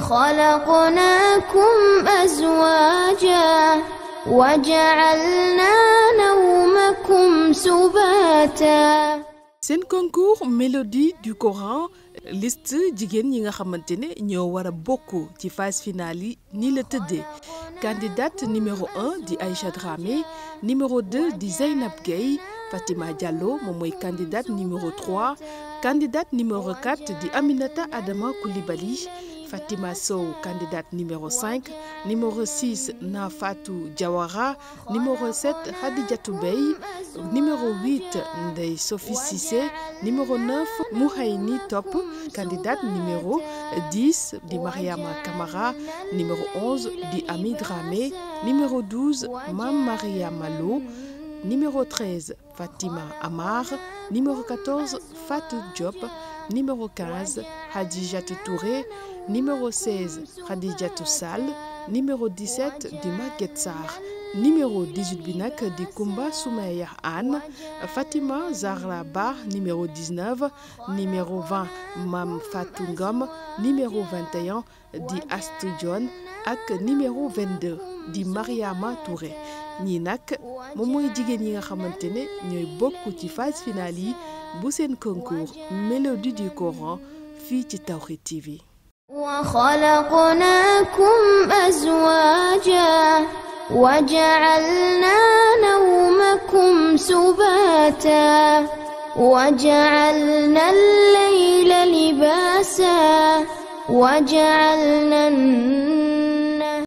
خلقناكم أزواجا وجعلنا نومكم سباتا seen concours mélodie du Coran liste jigéen ñi nga xamante ne ñoo wara a bokk ci phase finale yi nii la tëddee candidate numéro un di Aïcha Dramé numéro deux di Zeynab Gueye Fatima Diallo moom mooy candidate numéro trois di Aminata Adama Coulibaly Fatima Sow, candidate numéro 5, numéro 6, numéro 7, numéro 8, Sophie Sissé, numéro 9, Mouhaini Top, candidate numéro 10, Di Mariama Kamara, numéro 11, Di Ami Dramé, numéro 12, Mam numéro Fatima Amar, numéro 14, Fatou Numéro 15, Hadijatu Touré. Numéro 16, Khadijatou Sall. Numéro 17, di Maguette Sarr. numéro 18 bi nag di Kumba Soumaya Anne Fatima Zahra Ba numéro 19 numéro 20 Mam Fatou numéro di Astou Dione ak numéro 22 di Mariama Touré ñii nag moom mooy jigéen yi nga xamante ne ñooy bokk ci phase finale yi bu seen concours mélodie du Coran fii ci Tawhid TV. wa xalaqnaakum azwaajan wa ja'alnaa nawmakum subaatan wa ja'alnaa al-layla libaasan wa ja'alnaa